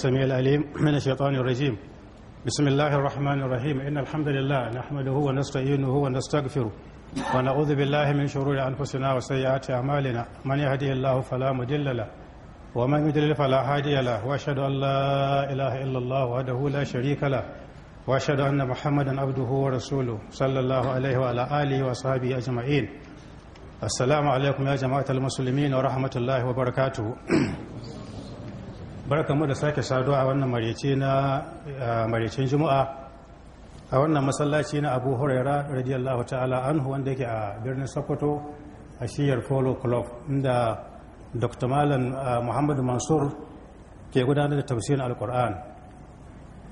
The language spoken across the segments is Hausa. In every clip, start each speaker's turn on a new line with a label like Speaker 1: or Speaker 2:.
Speaker 1: السميع العليم من الشيطان الرجيم بسم الله الرحمن الرحيم إن الحمد لله نحمده ونستعينه ونستغفره ونعوذ بالله من شرور أنفسنا وسيئات أعمالنا من يهدي الله فلا مضل له ومن يضلل فلا هادي له وأشهد أن لا إله إلا الله وحده لا شريك له وأشهد أن محمدا عبده ورسوله صلى الله عليه وعلى آله وصحبه أجمعين السلام عليكم يا جماعة المسلمين ورحمة الله وبركاته barkamu da sake saduwa a wannan marece na marecen juma'a a wannan masallaci na abu huraira radiyallahu ta'ala anhu wanda yake a birnin sokoto a shiyar polo club inda dr malam muhammadu mansur ke gudanar da tafsirin alkur'an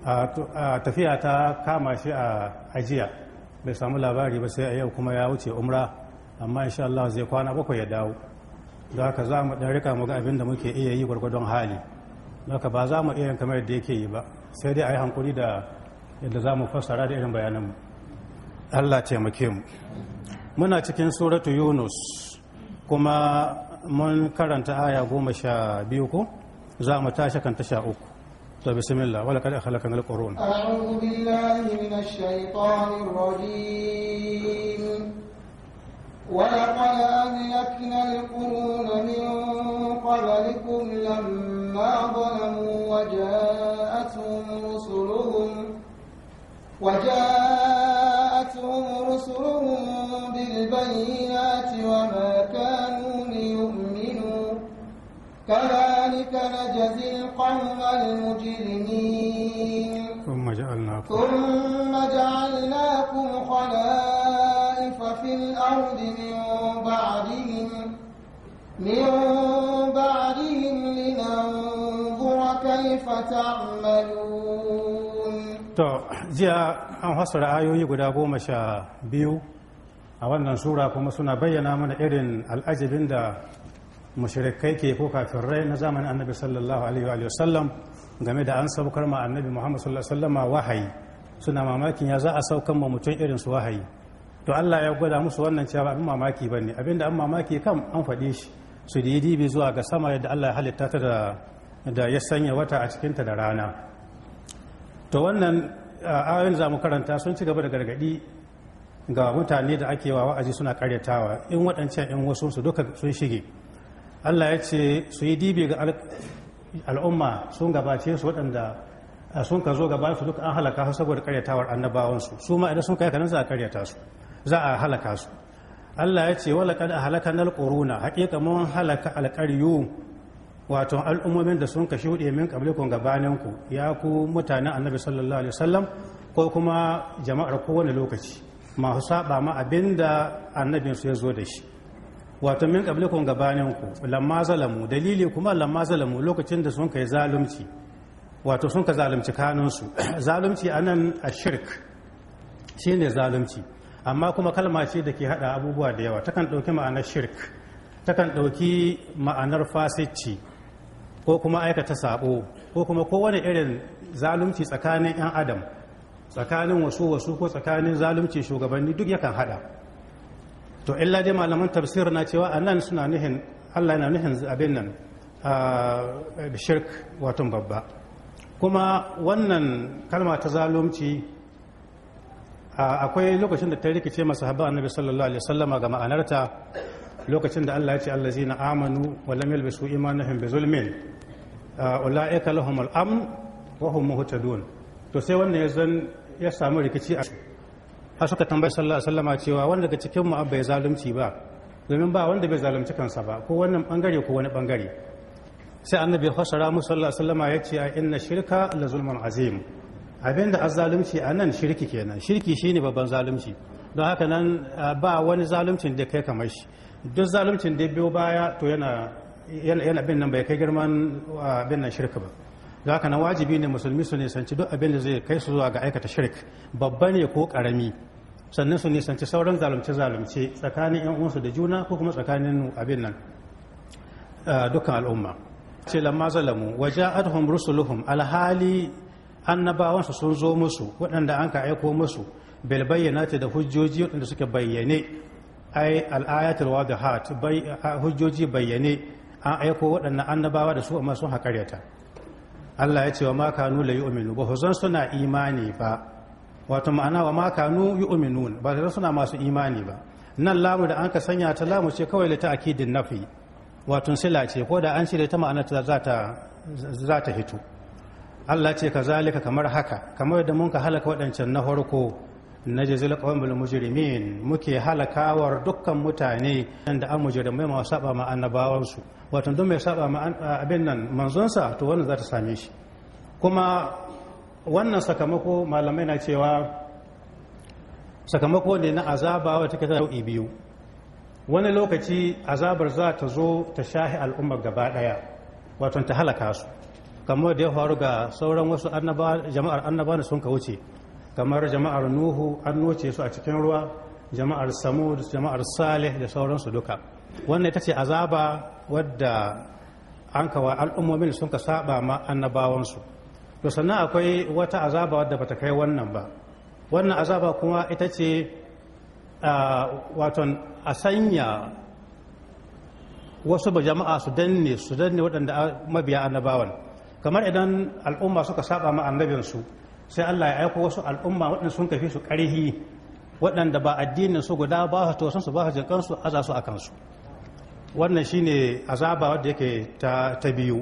Speaker 1: a tafiya ta kama shi a ajiya bai samu labari ba sai a yau kuma ya wuce umra amma insha Allah zai kwana bakwai ya dawo da haka za mu ɗan rika muga abinda abin da muke iya yi gwargwadon hali haka ba za mu iya kamar yadda yake yi ba sai dai a yi hankuri da yadda za mu fassara da irin mu allah taimake mu muna cikin suratu yunus kuma mun karanta aya goma sha biyu ko za mu tashi kan tasha uku to bismillah wala kada al-qurun
Speaker 2: a'udhu billahi minash shaitanir rajim
Speaker 1: ولقد
Speaker 2: أهلكنا القرون من قبلكم لما ظلموا وجاءتهم رسلهم وجاءتهم رسلهم بالبينات وما كانوا ليؤمنوا كذلك نجزي القوم المجرمين
Speaker 1: ثم جعلناكم
Speaker 2: ثم جعلناكم خلائق في الأرض من بعدهم من بعدهم لننظر كيف تعملون
Speaker 1: to jiya an hasara ayoyi guda goma sha biyu a wannan sura kuma suna bayyana mana irin al'ajibin da mushrikai ke ko kafirai na zamanin annabi sallallahu alaihi wa sallam game da an saukar ma annabi muhammad sallallahu alaihi wahayi suna mamakin ya za a saukan ma mutum irin su wahayi to Allah ya gwada musu wannan cewa abin mamaki ba ne abinda an mamaki kan an faɗi shi su da dibi zuwa ga sama yadda Allah ya halitta ta da ya sanya wata a cikinta da rana to wannan ayoyin za mu karanta sun ci gaba da gargadi ga mutane da ake wa wa'azi suna karyatawa in waɗancan in wasu su duka sun shige Allah ya ce su yi dibi ga al'umma sun gabace su waɗanda sun ka zo gaba su duka an halaka saboda karyatawar annabawansu su ma idan sun kai kanan za a karyata su za a halaka su Allah ya ce wala kad halaka na quruna haƙiƙa mun halaka alƙaryu wato al'ummomin da sun kashi hudu min kun gabanin ku ya ku mutanen annabi sallallahu alaihi wasallam ko kuma jama'ar kowane lokaci masu saba ma abinda annabin su ya zo da shi wato min kun gabanin ku lamma zalamu dalili kuma lamma zalamu lokacin da sun kai zalunci wato sun ka zalunci kanunsu zalunci anan ashirk shine zalunci amma kuma kalma ce da ke haɗa abubuwa da yawa takan ɗauki ma'anar shirk takan ɗauki ma'anar fasici ko kuma aikata sabo ko kuma kowane irin zalunci tsakanin 'yan adam tsakanin wasu wasu ko tsakanin zalunci shugabanni duk yakan haɗa to illa dai malaman tafsir na cewa a suna nuhin allah yana nuhin abin nan shirk watan babba kuma wannan kalma ta zalunci akwai lokacin da ta rikice masu haɓar annabi sallallahu alaihi wasallama ga ma'anarta lokacin da Allah ya ce Allah allazina amanu wa lam yalbisu imanuhum bi zulmin ulaika lahum al-amn wa hum muhtadun to sai wannan yazan ya samu rikici a har suka tambaye sallallahu alaihi wasallama cewa wanda daga cikin mu bai zalunci ba domin ba wanda bai zalunci kansa ba ko wannan bangare ko wani bangare sai annabi ya fasara musu sallallahu alaihi wasallama ya ce inna shirka la zulmun azim abin da azzalumci a nan shirki kenan shirki shine babban zalunci don haka nan ba wani zalumcin da kai kamar shi duk zalumcin da biyo baya to yana yana bin nan bai kai girman abin nan shirka ba don haka nan wajibi ne musulmi su nisanci duk abin da zai kai su zuwa ga aikata shirk babba ne ko karami sannan su nisanci sauran zalumce-zalumce tsakanin 'yan uwansu da juna ko kuma tsakanin abin nan dukkan al'umma ce lamma zalamu waje adhum rusuluhum alhali annabawansu sun zo musu waɗanda an ka aiko musu bil ce da hujjoji waɗanda suke bayyane ai al'ayatul wadahat hujjoji bayyane an aiko waɗannan annabawa da su amma sun haƙaryata Allah ya ce wa ma kanu la yu'minu ba zan suna imani ba wato ma'ana wa ma kanu yu'minun ba zan suna masu imani ba nan lamu da an ka sanya ta lamu ce kawai lita akidin nafi wato sila ce ko da an shirya ta ma'ana za ta hito Allah ce ka zalika kamar haka kamar da mun ka halaka waɗancan na farko na jazil qawmul mujrimin muke halakawar dukkan mutane da an mujrimai ma saba ma annabawansu wato don mai saba ma abin nan sa to wannan za ta same shi kuma wannan sakamako malamai na cewa sakamako ne na azaba wata take nau'i biyu wani lokaci azabar za ta zo ta shahi al'ummar gaba daya wato ta halaka su kamar da ya faru ga sauran wasu jama'ar da sun ka wuce kamar jama'ar nuhu an noce su a cikin ruwa jama'ar samu, jama'ar salih da sauransu duka wannan ita ce azaba wadda an kawa al'ummomin sun ka saba ma annabawansu to sannan akwai wata azaba wadda bata kai wannan ba wannan azaba kuma ita ce waton a sanya wasu ba jama'a su danne su danne waɗanda mabiya annabawan kamar idan al'umma suka saba ma annabinsu sai Allah ya aiko wasu al'umma waɗanda sun kafi su ƙarhi waɗanda ba addinin su guda ba su tosan su ba su jinkan su aza su akan su wannan shine azaba wadda yake ta biyu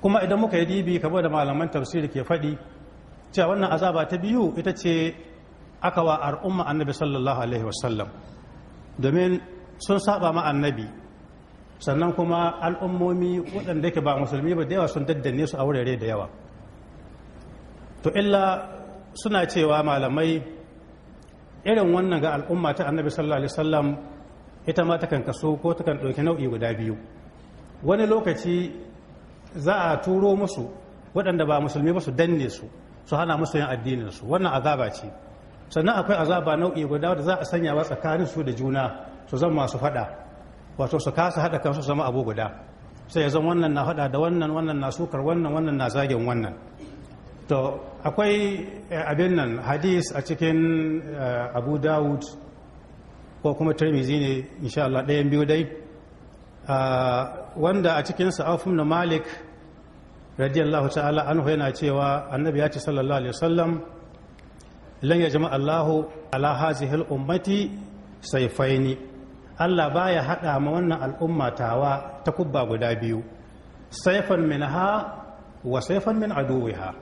Speaker 1: kuma idan muka yi dibi kamar da malaman tafsiri ke faɗi cewa wannan azaba ta biyu ita ce aka wa al'umma annabi sallallahu alaihi wasallam domin sun saba ma annabi sannan kuma al'ummomi waɗanda ke ba musulmi ba da yawa sun daddane su a wurare da yawa to illa suna cewa malamai irin wannan ga al'umma ta annabi sallallahu alaihi wasallam ita ma takan kaso ko takan ɗauki nau'i guda biyu wani lokaci za a turo musu waɗanda ba musulmi ba su danne su su hana musu yin addinin su wannan azaba ce sannan akwai azaba nau'i guda da za a sanya wa tsakanin su da juna su zama su faɗa wato su kasa haɗa kansu zama abu guda sai ya zama wannan na haɗa da wannan wannan na sukar wannan wannan na zagin wannan to akwai eh, abin nan hadis a cikin eh, abu dawud ko kuma tirmizi ne insha Allah ɗayan biyu dai ah, wanda a cikin sa'afun na malik radiyallahu ta'ala anhu yana cewa annabi ya ce sallallahu alaihi wasallam lan ya jama'a Allahu ala hazihil ummati faini. Allah baya haɗa ma wannan al'umma tawa ta kubba guda biyu saifan min wa saifan min aduwiha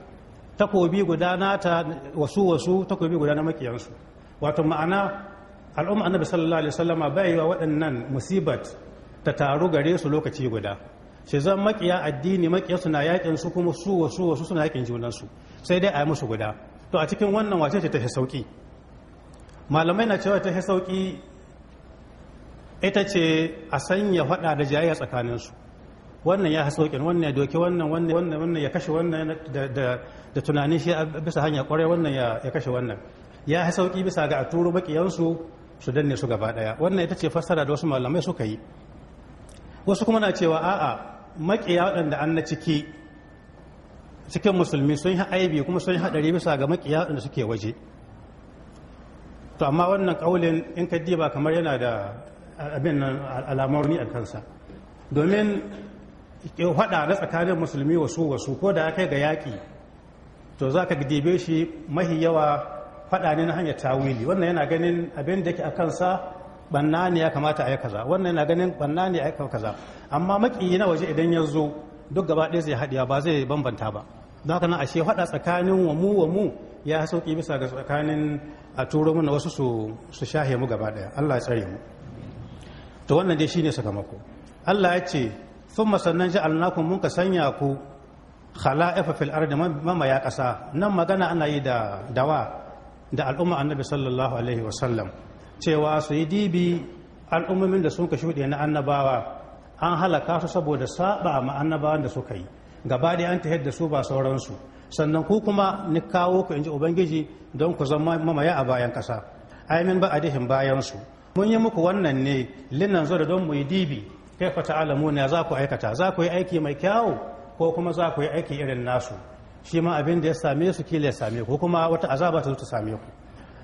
Speaker 1: takobi guda nata wasu wasu takobi guda na makiyansu wato ma'ana al'umma annabi sallallahu alaihi wasallama bai wa waɗannan musibat ta taru gare su lokaci guda shi zan makiya addini makiya suna yakin su kuma su wasu wasu suna yakin junan su sai dai a yi musu guda to a cikin wannan wace ce ta sauki malamai na cewa ta sauki ita ce a sanya faɗa da jayayya tsakaninsu wannan ya kin wannan ya doki wannan wannan wannan ya kashe wannan da tunanin shi bisa hanya kwarai wannan ya kashe wannan ya hasauki bisa ga a turo bakiyansu su danne su gaba daya wannan ita ce fassara da wasu malamai suka yi wasu kuma na cewa a'a makiya waɗanda an na ciki cikin musulmi sun yi aibi kuma sun yi haɗari bisa ga makiya waɗanda suke waje to amma wannan ƙaulin in ka diba kamar yana da abin nan al'amurni a kansa domin hada na tsakanin musulmi wasu wasu ko da aka ga yaƙi to za ka gidebe shi mahi yawa faɗa ne na hanyar tawili wannan yana ganin abin da ke a kansa banna ne ya kamata a yi kaza wannan yana ganin banna ne a yi kaza amma maƙiyi na waje idan ya zo duk gaba ɗaya zai haɗiya ba zai bambanta ba don haka nan ashe faɗa tsakanin wa mu wa mu ya sauƙi bisa ga tsakanin a turo mana wasu su shahe mu gaba ɗaya allah ya tsare mu to wannan dai shine sakamako Allah ya ce thumma sannan ja'alnakum mun ka sanya ku khala'ifa fil ardi mamaya kasa nan magana ana yi da dawa da al'umma annabi sallallahu alaihi wa sallam cewa su yi dibi al'ummomin da suka shuɗe na annabawa an halaka su saboda saba ma annabawan da suka yi gaba da an tahid da su ba sauransu sannan ku kuma ni kawo ku inji ubangiji don ku zama mamaya a bayan kasa ai min ba adihin bayan su mun yi muku wannan ne linan zo da don mu yi dibi kai fa ta'alamuna za ku aikata za ku yi aiki mai kyawu ko kuma za ku yi aiki irin nasu shi ma abin da ya same su kila ya same ku kuma wata azaba ta zo ta same ku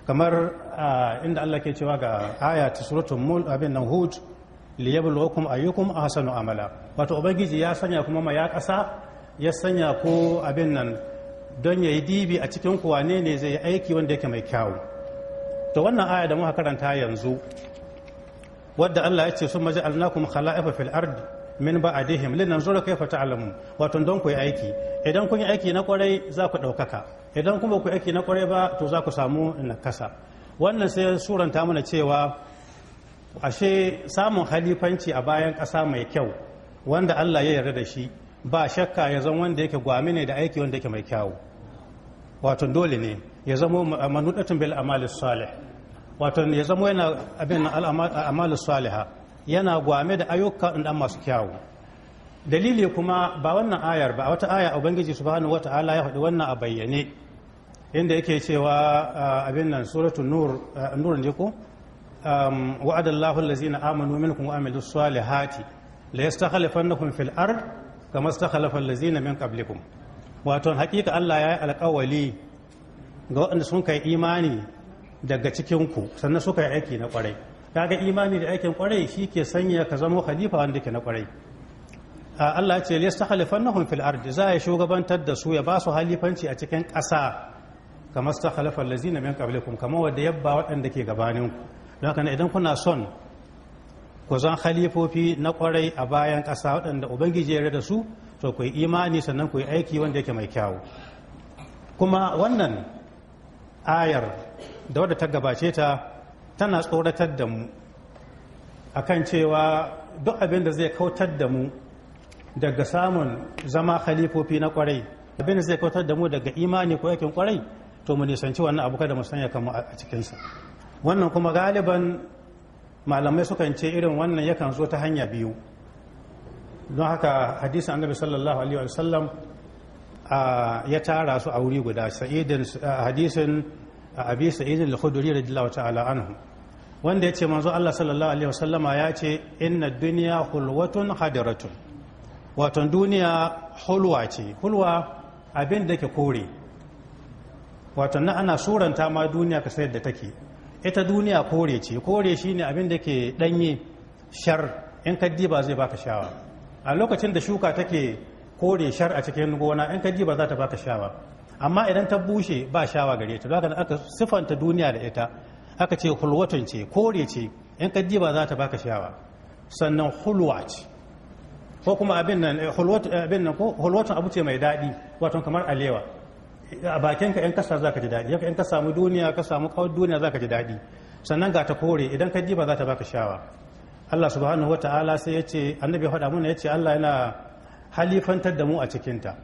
Speaker 1: kamar inda Allah ke cewa ga aya ta suratul mul abin nan hud liyabluwakum ayyukum ahsanu amala wato ubangiji ya sanya kuma ma ya kasa ya sanya ko abin nan don yayi dibi a cikin ku wane ne zai yi aiki wanda yake mai kyawu to wannan aya da muka karanta yanzu wadda Allah ya ce sun maji alnakum khala'ifa fil ard min ba'dihim linanzura kayfa alamu wato don ku yi aiki idan kun yi aiki na kwarai za ku ɗaukaka idan kuma ku aiki na kwarai ba to za ku samu nakasa wannan sai suranta mana cewa ashe samun halifanci a bayan ƙasa mai kyau wanda Allah ya yarda da shi ba shakka ya zan wanda yake gwami ne da aiki wanda yake mai kyau. wato dole ne ya zamo manudatun bil amali salih wato ya zamo yana abin amali saliha yana gwame da ayyuka da masu kyawu dalili kuma ba wannan ayar ba wata aya ubangiji subhanahu wata'ala ya faɗi wannan a bayyane inda yake cewa abin nan suratul nur nur ne ko وعد الله الذين آمنوا منكم وعملوا الصالحات ليستخلفنكم في الأرض كما استخلف الذين من قبلكم waton hakika Allah ya yi alƙawali. ga waɗanda sun kai imani daga cikinku sannan suka yi aiki na kwarai kaga imani da aikin kwarai shi ke sanya ka zama khalifa wanda ke na kwarai Allah ce les ta halifannahum fil ardi za ya shugabantar da su ya ba su halifanci a cikin ƙasa kamar ta halifar lazina min qablikum kamar wanda yabba waɗanda ke gabanin ku don idan kuna son ku zan halifofi na kwarai a bayan ƙasa waɗanda ubangiji ya da su to ku yi imani sannan ku yi aiki wanda yake mai kyawu kuma wannan ayar da wadda ta gabace ta tana tsoratar da mu akan cewa duk abin da zai kautar da mu daga samun zama khalifofi na kwarai abin da zai kautar da mu daga imani ko yakin kwarai to mu nisanci wannan abu kada mu sanya kanmu a cikinsa wannan kuma galiban malamai sukan ce irin wannan yakan zo ta hanya biyu don haka hadisin annabi sallallahu alaihi wasallam ya tara su a wuri guda hadisin abi sa'id al-khudri radiyallahu ta'ala anhu wanda ya ce manzo Allah sallallahu alaihi wasallama ya ce inna duniya hulwatun hadiratun wato duniya hulwa ce hulwa abin da ke kore wato na ana suranta ma duniya ka sayar da take ita duniya kore ce kore shine abin da ke danye shar in kaddi ba zai baka shawa a lokacin da shuka take kore shar a cikin gona in ka ji ba za ta baka shawa amma idan ta bushe ba shawa gare ta zaka aka sifanta duniya da ita aka ce hulwatun ce kore ce in ka ji ba za ta baka shawa sannan hulwa ce ko kuma abin nan eh, eh, abin nan ko hulwatun abu ce mai daɗi wato kamar alewa a bakinka in kasar za ka ji daɗi in ka samu duniya ka samu kawar duniya za ka ji daɗi sannan ga ta kore idan ka ji ba za ta baka shawa Allah subhanahu wa ta'ala sai ya ce annabi faɗa mana ya ce Allah yana halifantar da mu a cikinta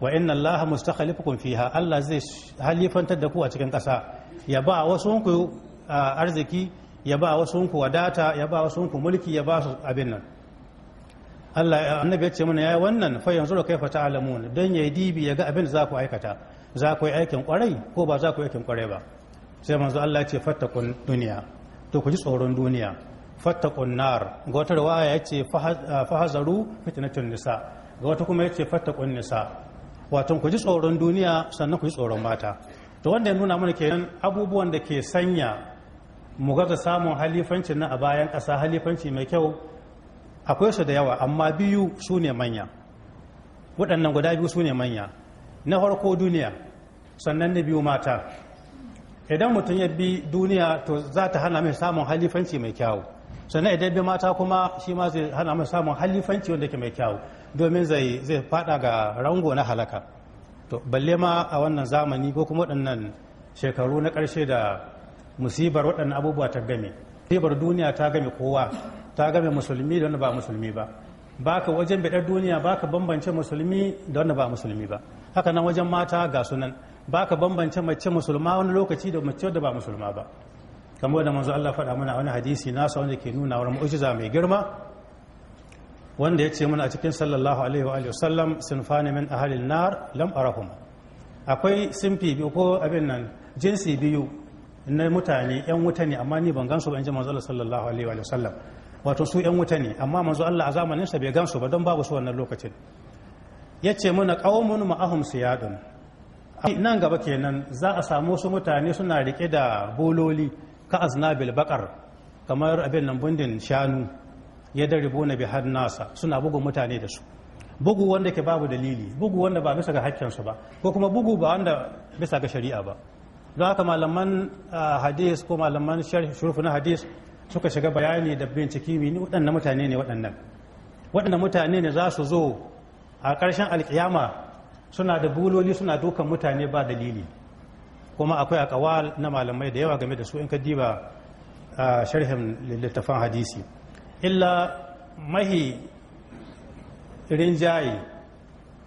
Speaker 1: wa inna allaha mustakhlifukum fiha allah zai halifantar da ku a cikin ƙasa ya ba wasu ku arziki ya ba wasu ku wadata ya ba wasu ku mulki ya ba su abin nan Allah annabi ya ce mana yayi wannan fa yanzu da kaifa ta'lamun dan yayi dibi ya ga abin da za ku aikata za ku yi aikin kwarai ko ba za ku yi aikin kwarai ba sai manzo Allah ya ce fattakun duniya to ku ji tsoron duniya fattakun nar ga yace riwaya ya ce fahazaru fitnatun nisa ga wata kuma ya ce fata nisa wato ku ji tsoron duniya sannan ku ji tsoron mata to wanda ya nuna mana kenan abubuwan da ke sanya mu ga samun halifanci na a bayan kasa halifanci mai kyau akwai su da yawa amma biyu su ne manya waɗannan guda biyu su ne manya na farko duniya sannan na biyu mata idan mutum ya bi duniya to za ta hana mai samun halifanci mai kyau sannan idan bi mata kuma shi ma zai hana mai samun halifanci wanda ke mai kyau. domin zai faɗa fada ga rango na halaka to balle ma a wannan zamani ko kuma waɗannan shekaru na ƙarshe da musibar waɗannan abubuwa ta game musibar duniya ta game kowa ta game musulmi da wanda ba musulmi ba baka wajen bidar duniya baka bambance musulmi da wanda ba musulmi ba haka nan wajen mata ga sunan baka bambance mace musulma wani lokaci da mace da ba musulma ba kamar da manzo Allah faɗa mana wani hadisi nasa wanda ke nuna wani mu'jiza mai girma wanda ya ce mana a cikin sallallahu alaihi wa sallam sinfani min ahalin nar lam arahum akwai sinfi biyu ko abin nan jinsi biyu na mutane yan wuta ne amma ni ban gansu ba in ji manzo sallallahu alaihi wa sallam wato su yan wuta ne amma manzo Allah a zamanin sa bai gansu ba don babu su wannan lokacin ya ce mana qaumun ma'ahum siyadun nan gaba kenan za a samu su mutane suna rike da bololi ka aznabil bakar kamar abin nan bundin shanu ya daribo bi bihar nasa suna bugun mutane da su bugu wanda ke babu dalili bugu wanda ba bisa ga hakkinsu ba ko kuma bugu ba wanda bisa ga shari'a ba don haka malaman ah, hadis ko malaman shurufu na hadis suka shiga bayani da binciki mini waɗannan mutane ne waɗannan waɗannan mutane ne za su zo a ƙarshen alƙiyama suna da buloli suna dukan mutane ba dalili kuma akwai akawal na malamai da yawa game da su in ka diba ah, sharhin littattafan hadisi illa mahi rinjaye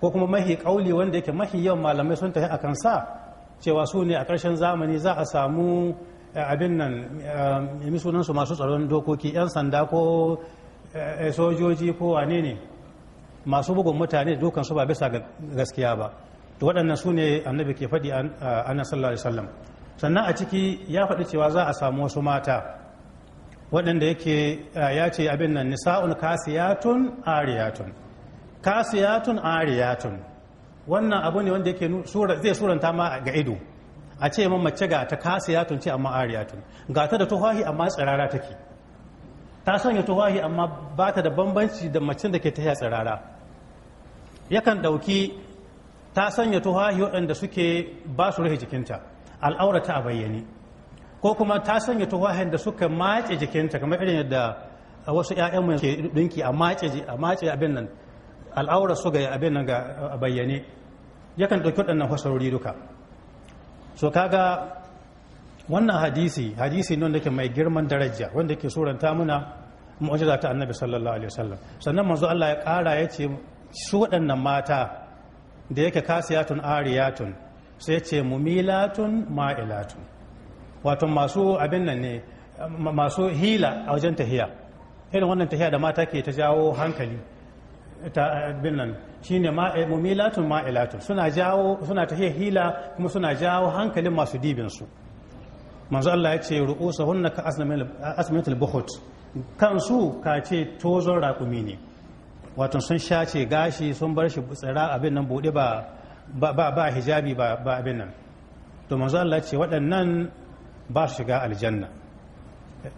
Speaker 1: ko kuma mahi kauli wanda yake mahi yawan malamai sun tafi a kansa cewa su ne a ƙarshen zamani za a samu eh, abin nan eh, masu tsaron dokoki 'yan sanda ko eh, sojoji ko wane ne masu bugun mutane dukan su ba bisa gaskiya ba to waɗannan su ne annabi ke faɗi a sallallahu alaihi wasallam sannan a ciki ya faɗi cewa za a samu wasu mata waɗanda yake eh, ya ce abin nan nisa'un kasiyatun ariyatun kasiyatun ariyatun wannan abu ne wanda yake zai suranta ma ga ido a ce man mace ga ta kasiyatun ce amma ariyatun ga ta da tuhahi amma tsirara take ta sanya tuhahi amma ba ta da bambanci da macen da ke ta tsirara yakan ɗauki ta sanya tuhahi waɗanda suke ba su jikinta al'aurata a bayyane ko kuma ta sanya tuwahin da suka matse jikinta kamar irin yadda wasu 'ya'yan ke dinki a matse a abin nan al'aura su ga abin nan ga bayyane yakan ɗauki waɗannan fasarori duka so kaga wannan hadisi hadisi ne wanda ke mai girman daraja wanda ke suranta muna mu'jiza ta annabi sallallahu alaihi wasallam sannan manzo Allah ya ƙara ya ce su waɗannan mata da yake kasiyatun ariyatun sai ce mumilatun ma'ilatun wato masu abin nan ne masu hila a wajen tahiya irin wannan tahiya da mata ke ta jawo hankali ta abin nan shine eh, mumilatun ma'ilatun suna jawo suna tahiya hila kuma suna jawo hankalin masu dibin su manzo Allah ya ce ru'usahunna ka asmatul bukhut kansu ka ce tozon raƙumi ne wato sun shace gashi sun bar shi tsira abin nan bude ba ba hijabi ba abin nan to manzo Allah ce waɗannan ba shiga aljanna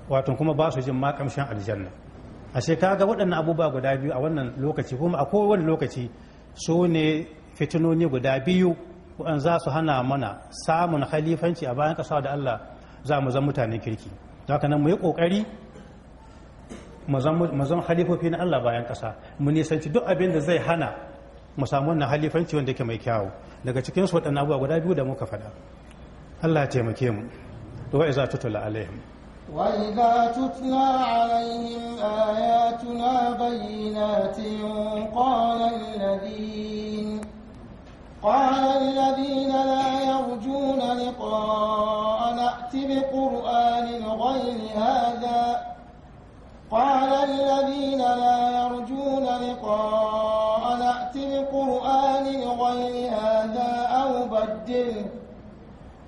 Speaker 1: wato kuma ba su jin ma kamshin aljanna shekara kaga waɗannan abubuwa guda biyu a wannan lokaci kuma a kowane lokaci su ne fitinoni guda biyu waɗanda za su hana mana samun halifanci a bayan ƙasa da Allah za mu zan mutanen kirki haka nan mu yi ƙoƙari mu zan halifofi na Allah bayan ƙasa mu nisanci duk abin da zai hana mu samu wannan halifanci wanda yake mai kyawu daga cikinsu waɗannan abubuwa guda biyu da muka faɗa Allah taimake mu وإذا تتلى عليهم
Speaker 2: وإذا تتلى عليهم آياتنا بينات قال الذين قال الذين لا يرجون لقاء نأت بقرآن غير هذا قال الذين لا يرجون لقاء نأت بقرآن غير هذا أو بدله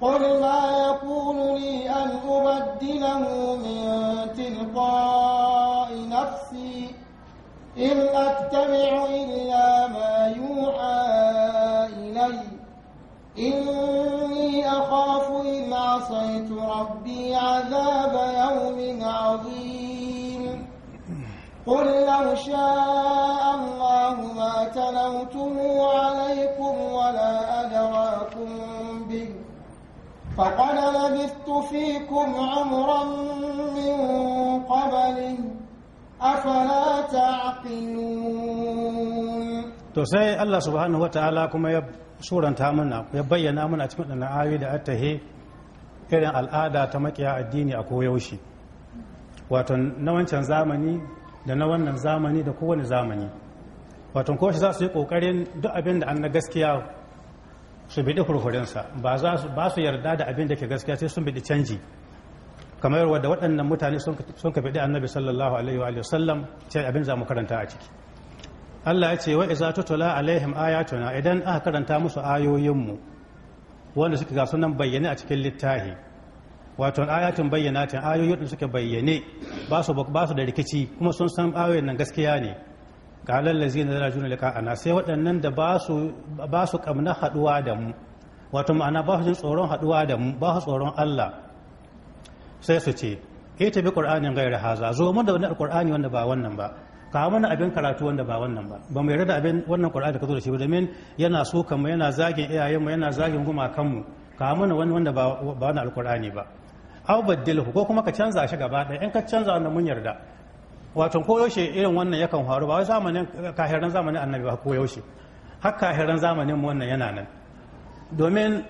Speaker 2: قل ما يكون لي أن أبدله من تلقاء نفسي إن أتبع إلا ما يوحى إلي إني أخاف إن عصيت ربي عذاب يوم عظيم قل لو شاء الله ما تلوته عليكم ولا أدراكم
Speaker 1: فقد لبثت
Speaker 2: فيكم عمرا من قبله أفلا تعقلون
Speaker 1: تسأل الله سبحانه وتعالى كما يب سورة تامنا يبين أمنا أتمنى da أتهي irin al'ada ta makiya addini a koyaushe wato na wancan zamani da na wannan zamani da kowane zamani wato ko shi za su yi ƙoƙarin duk abin da an na gaskiya su bidi hurhurinsa ba za su ba su yarda da abin da ke gaskiya sai sun bidi canji kamar wadda waɗannan mutane sun ka bidi annabi sallallahu alaihi wa sallam ce abin za mu karanta a ciki Allah ya ce wa iza tutula alaihim ayatuna idan aka karanta musu ayoyinmu wanda suka ga sunan bayyane a cikin littafi wato ayatun ta ayoyin suke bayyane ba su da rikici kuma sun san ayoyin nan gaskiya ne qalan juna lika ana sai waɗannan da ba su ƙamna haɗuwa da mu wato ma'ana ba su jin tsoron haɗuwa da mu ba su tsoron Allah sai su ce ita eh, bi qur'anin gairi haza zo mu da wani alqur'ani wanda ba wannan ba kawo mana abin karatu wanda ba wannan ba ba mu yarda da abin wannan qur'ani da ka zo da shi ba domin yana so mu yana zagin iyayenmu yana zagin gumakanmu kawo mana wani wanda ba wani alqur'ani ba aw baddilhu ko kuma ka canza shi gaba ɗaya in ka canza wannan mun yarda wato koyaushe irin wannan yakan faru ba wai zamanin kahiran zamanin annabi ba koyaushe har kahiran zamanin wannan yana nan domin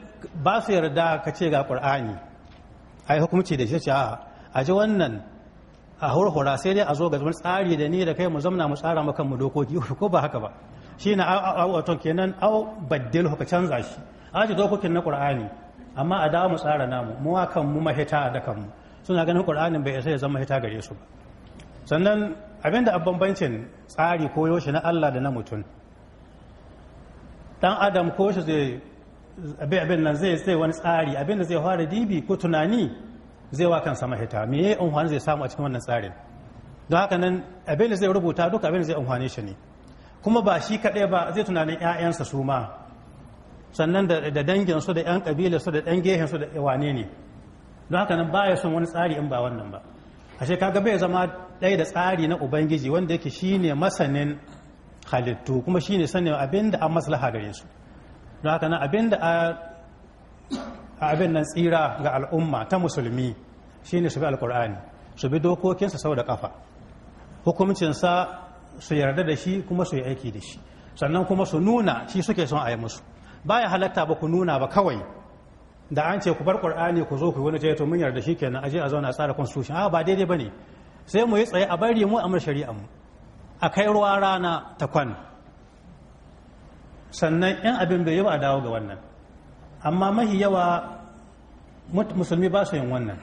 Speaker 1: ba su yarda ka ce ga qur'ani ai hukumci da shi ce a a ji wannan a hurhura sai dai a zo ga tsari da ni da kai mu zamna mu tsara maka mu dokoki ko ba haka ba shi na wato kenan au baddil ka canza shi a ji dokokin na qur'ani amma a dawo mu tsara namu mu kan mu mahita da kanmu suna ganin qur'anin bai isa ya zama hita gare su ba sannan abinda a bambancin tsari ko yaushe na Allah da na mutum dan adam ko shi zai abin abin nan zai zai wani tsari abin da zai fara dibi ko tunani zai wa kansa mahita me yayi unhwani zai samu a cikin wannan tsarin don haka nan abin da zai rubuta duka abin da zai unhwane shi ne kuma ba shi kaɗai ba zai tunanin 'ya'yansa su ma sannan da danginsu da 'yan ƙabilarsu da ɗan su da wane ne don haka nan baya son wani tsari in ba wannan ba ashe kaga bai zama ɗaya da tsari na ubangiji wanda yake shine masanin halittu kuma shine sanin abin da an maslaha gare su don haka nan abin da abin nan tsira ga al'umma ta musulmi shine su bi alkur'ani su bi dokokinsa sau da kafa hukuncinsa su yarda da shi kuma su yi aiki da shi sannan kuma su nuna shi suke son a yi musu baya halatta ba ku nuna ba kawai da an ce ku bar qur'ani ku zo ku yi wani ce to mun yarda shi kenan je a zauna a tsara constitution a ba daidai ba ne. sai mu yi tsaye a bari mu amur shari'a mu a kai ruwa rana ta kwan sannan yan abin bai yi ba a dawo ga wannan amma mahi yawa musulmi ba su yin wannan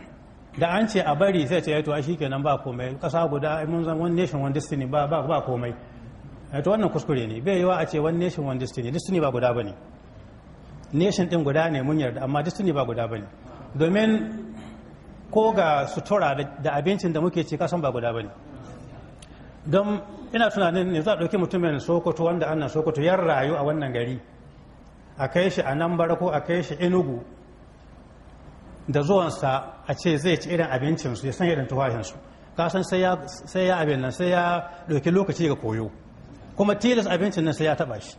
Speaker 1: da an ce a bari sai ce ya to shi kenan ba komai kasa guda mun zan one nation one destiny ba ba komai to wannan kuskure ne bai yiwa a ce one nation one destiny destiny ba guda bane nation din guda ne mun yarda amma destiny ba guda bane domin ko ga sutura da abincin da muke ci kasan ba guda ba ne don ina tunanin ne za a ɗauki mutumin sokoto wanda annan sokoto yan rayu a wannan gari a kai shi a nan ko a kai shi enugu da zuwansa a ce zai ci irin abincinsu ya san irin tufafinsu kasan sai ya abin nan sai ya ɗauki lokaci ga koyo kuma tilas abincin nan sai ya taɓa shi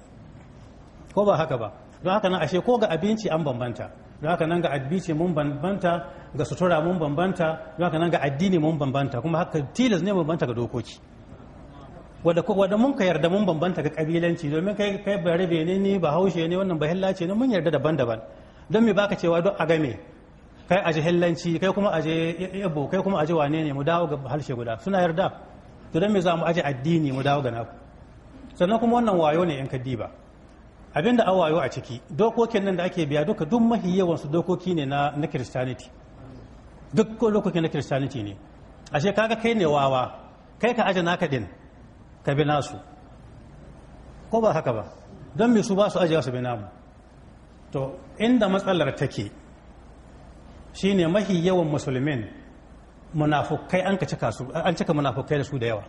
Speaker 1: ko ba haka ba don haka nan ashe ko ga abinci an bambanta don haka nan ga abinci mun bambanta ga sutura mun bambanta don haka nan ga addini mun bambanta kuma haka tilas ne bambanta ga dokoki wadda mun ka yarda mun bambanta ga kabilanci domin kai kai barabe ne ni ba haushe ne wannan ba hillace ne mun yarda daban-daban don me baka cewa don a game kai aje hillanci kai kuma aje yabo kai kuma aje wane ne mu dawo ga harshe guda suna yarda to don me za mu aje addini mu dawo ga naku sannan kuma wannan wayo ne in ka abinda an wayo a ciki dokokin nan da ake biya duka duk mahi dokoki ne na na christianity duk ko lokacin na kiristaniti ne ashe kaga kai ne wawa kai ka aje naka din ka bi nasu ko ba haka ba don me su ba su aje su bi namu to inda matsalar take shine mahi yawan musulmin munafukai an cika su an cika munafukai da su da yawa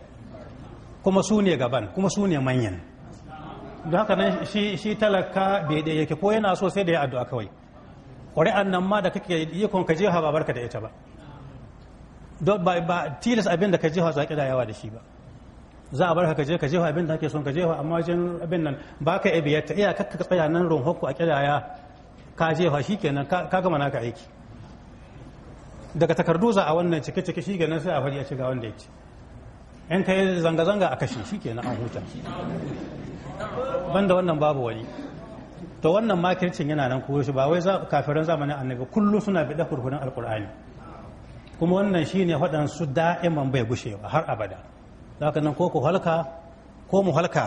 Speaker 1: kuma su ne gaban kuma su ne manyan don haka nan shi talaka bai da yake ko yana so sai da ya addu'a kawai ƙuri'an nan ma da kake ikon ka jefa ba barka da ita ba ba tilas abin da ka jefa su haƙi da yawa da shi ba za a bar ka je ka jefa abin da kake son ka jefa amma wajen abin nan ba ka iya biyarta iya kakka tsaya nan ron hukku a ƙidaya ka jefa shi kenan ka gama naka aiki daga takardu za a wannan cike cike shi ganin sai a fari a ci ga wanda yake in ka yi zanga-zanga a kashe shi kenan an huta banda wannan babu wani to wannan makircin yana nan kuma shi ba wai kafiran zamanin annabi kullum suna bi da kurkurin alkur'ani kuma wannan shine waɗansu da'iman bai gushewa har abada haka nan ko ku halka ko mu halka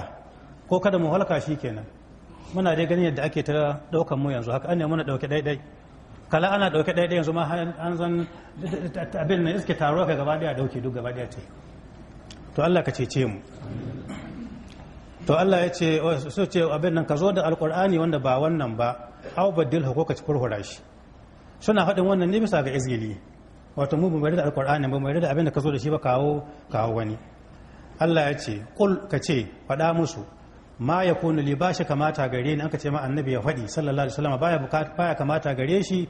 Speaker 1: ko kada mu halka kenan muna dai ganin yadda ake ta ɗaukan mu yanzu haka an ne muna ɗauke ɗaiɗai kala ana ɗauke ɗaiɗai yanzu ma an zan abin iske taro ka gaba ɗaya ɗauke duk gaba ɗaya ce to Allah ka cece mu to Allah ya ce oh, so ce abin nan ka zo da alkur'ani wanda ba wannan ba aw badil ko ka ci furhura shi suna faɗin wannan ne bisa ga izgili wato mu ba da alkur'ani ba mu da abin da ka zo da shi ba kawo kawo wani Allah ya ce kul ka ce faɗa musu ma ya kunu li bashi kamata gare ni an ka ce ma annabi ya faɗi sallallahu alaihi wasallam baya baya kamata gare shi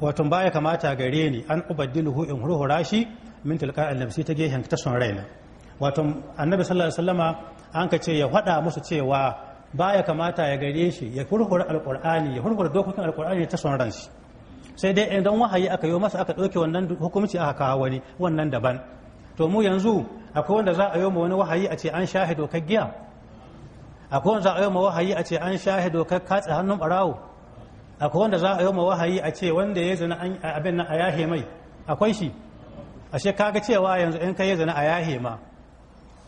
Speaker 1: wato baya kamata gare ni an in hurhura shi min tilka ta gehen ta son raina wato annabi sallallahu alaihi wasallama an ka ce ya faɗa musu cewa baya kamata ya gare shi ya hurhura alqur'ani ya hurhura dokokin alqur'ani ta son ranshi sai dai idan wahayi aka yi masa aka ɗauke wannan hukumci aka kawo wani wannan daban to mu yanzu akwai wanda za a yi wani wahayi a ce an shahe dokar giya akwai wanda za a yi wahayi a ce an shahe dokar katse hannun barawo akwai wanda za a yi wahayi a ce wanda ya zina abin nan a yahe mai akwai shi ashe kaga cewa yanzu in ka ya zina a yahe ma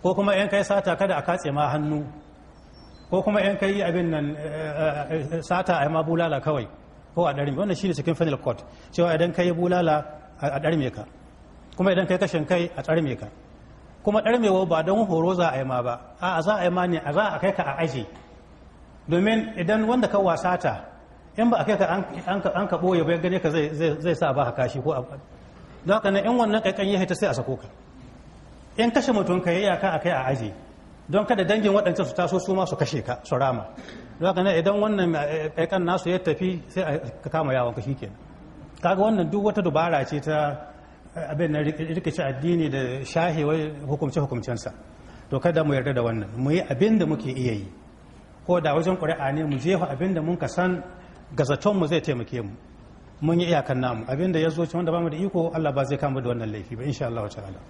Speaker 1: ko kuma yan kai sata kada a katse ma hannu ko kuma yan kai abin nan eh, eh, eh, sata a ma bulala kawai ko a ɗari wannan shine cikin final court cewa idan kai bulala a ɗarme ka kuma idan kai kashin kai a tsarme ka kuma mewa ba don horo za a yi ma ba a za a yi ma ne a za a kai ka a aji domin idan wanda ka ta in ba a kai ka an ka ɓoye ba gane ka zai sa ba ka kashi ko a. don haka in wannan ƙaiƙan ya haita sai a sako ka in kashe mutum ka yi iyaka a kai a aji don kada dangin waɗancan su taso su ma su kashe ka su rama don haka idan wannan aikan eh, eh, eh, nasu ya tafi sai ka kama yawon ka shikenan kaga wannan duk wata dubara ce ta abin na rikici addini da shahewar hukumce hukumcensa to kada mu yarda da wannan mu yi abin da muke iya yi ko da wajen ƙuri'a ne mu jefa abin da mun ka san gazatonmu zai taimake mu mun yi iyakan namu abin da ya zo wanda ba mu da iko Allah ba zai kama da wannan laifi ba insha Allah ta'ala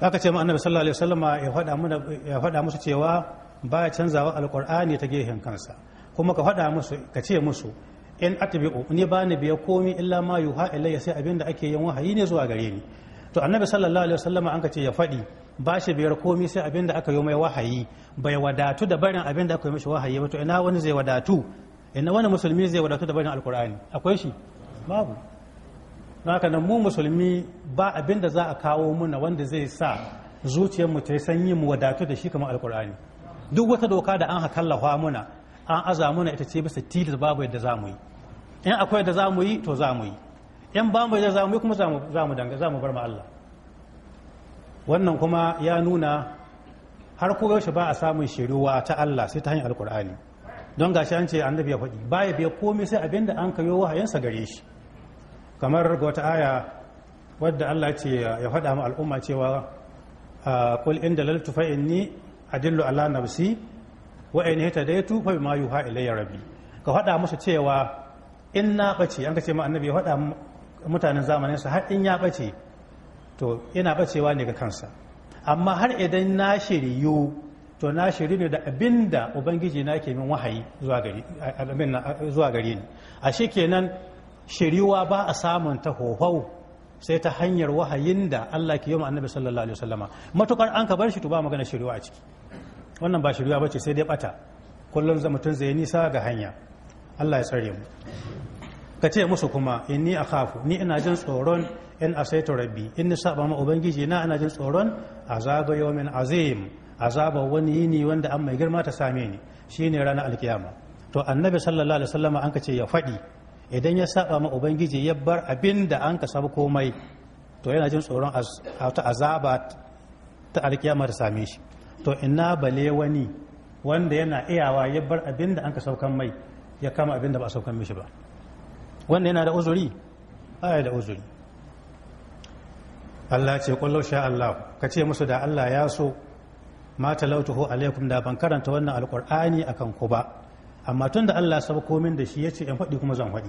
Speaker 1: aka ce ma annabi sallallahu alaihi wasallam ya faɗa mana musu cewa baya canzawa alkur'ani ta gehen kansa kuma ka faɗa musu ka ce musu in atbi'u ni ba ni biya komi illa ma yuha ilayya sai abin da ake yin wahayi ne zuwa gare ni to annabi sallallahu alaihi wasallam an ka ce ya faɗi ba shi biyar komi sai abin da aka yi mai wahayi bai wadatu da barin abin da aka yi mishi wahayi ba to ina wani zai wadatu ina wani musulmi zai wadatu da barin alkur'ani akwai shi babu don haka nan mu musulmi ba abin da za a kawo muna wanda zai sa zuciyarmu ta yi sanyi mu wadatu da shi kamar alkur'ani duk wata doka da an hakallafa muna an aza muna ita ce bisa tilas babu yadda za mu yi in akwai yadda za mu yi to za mu yi in ba mu yadda za mu yi kuma za mu danga za mu bar ma Allah wannan kuma ya nuna har ko yaushe ba a samun shiruwa ta Allah sai ta hanyar alkur'ani don gashi an ce annabi ya faɗi baya biya komai sai abinda an kayo wahayensa gare shi kamar ga wata aya wadda Allah ce ya faɗa mu al'umma cewa ah, qul in ni fa inni adillu ala nafsi wa in hitadaitu fa bima yuha ilayya rabbi ka faɗa musu cewa in na bace an ka ce ma annabi ya faɗa mutanen zamanin sa har in ya bace to ina bacewa ne ga kansa amma har idan na shiryu to na shiryu ne da abinda ubangiji na ke min wahayi zuwa gare ni ashe kenan shiriwa ba a samun ta hohau sai ta hanyar wahayin da Allah ke yi ma annabi sallallahu alaihi wasallama matukar an ka bar shi to ba magana shiriwa a ciki wannan ba shiriwa bace sai dai bata kullum za mutum zai nisa ga hanya Allah ya tsare mu ka ce musu kuma inni akhafu ni ina jin tsoron in asaitu rabbi in ni saba ma ubangiji na ina jin tsoron azaba yawmin azim azaba wani yini wanda an mai girma ta same ni shine ranar alkiyama to annabi sallallahu alaihi wasallama an ka ce ya faɗi idan ya saba ma ubangiji ya bar abin da an ka sabu komai to yana jin tsoron ta azaba ta alkiyama da same shi to ina bale wani wanda yana iyawa ya bar abin da an ka saukan mai ya kama abin da ba a saukan mishi ba Wanda yana da uzuri aya da uzuri Allah ce kullu sha Allah ka ce musu da Allah ya so ma talautuhu alaikum da ban karanta wannan alqur'ani akan ku ba amma tun da Allah saba komin da shi ya ce in faɗi kuma zan faɗi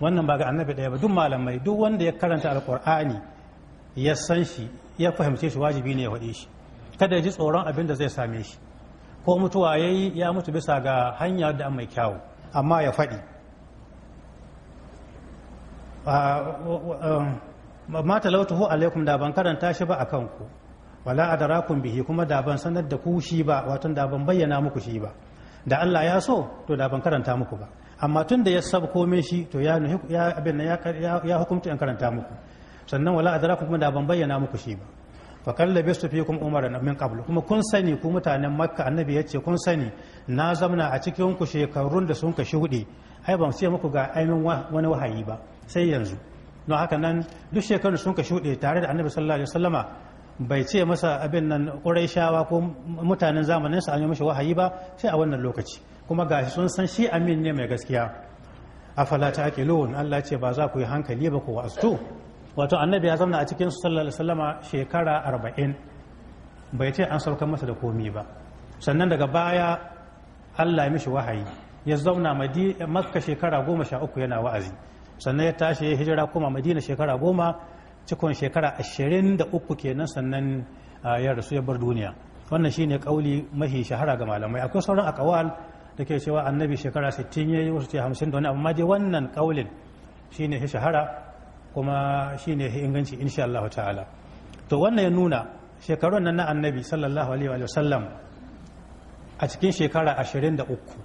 Speaker 1: wannan ba ga annabi ɗaya ba duk malamai duk wanda ya karanta alƙur'ani ya san shi ya fahimce shi wajibi ne ya faɗi shi kada ya ji tsoron abin da zai same shi ko mutuwa ya yi ya mutu bisa ga hanya da mai kyawu amma ya faɗi um, ma alaikum da ban karanta shi ba a kanku wala adarakum bihi kuma da ban sanar da ku shi ba watan da ban bayyana muku shi ba da Allah ya so to da ban karanta muku ba amma tun da ya sabko komai shi to ya ya abin ya hukunta in karanta muku sannan wala adara kuma da ban bayyana muku shi ba fa kallabe su fi kuma umar min qablu kuma kun sani ku mutanen makka annabi ya ce kun sani na zamna a cikin ku shekarun da sun ka shuɗe ai ban sai muku ga ainihin wani wahayi ba sai yanzu don haka nan duk shekarun sun ka shuɗe tare da annabi sallallahu alaihi wasallama bai ce masa abin nan shawa ko mutanen zamanin sa an yi mashi wahayi ba sai a wannan lokaci kuma ga shi sun san shi amin ne mai gaskiya A falata ake lowun Allah ce ba za ku yi hankali ba ku wa'astu wato annabi ya zamna a cikin su sallallahu alaihi shekara arba'in bai ce an saukar masa da komi ba sannan daga baya Allah ya mishi wahayi ya zauna makka shekara goma sha uku yana wa'azi sannan ya tashi ya hijira kuma madina shekara goma cikon shekara ashirin da uku kenan sannan ya rasu ya bar duniya wannan shine kauli mahi shahara ga malamai akwai sauran akawal da ke cewa annabi shekara sittin ya yi wasu ce hamsin da wani amma dai wannan kaulin shine ya shahara kuma shine ya inganci insha Allah ta'ala to wannan ya nuna shekarun nan na annabi sallallahu alaihi wa sallam a cikin shekara ashirin da uku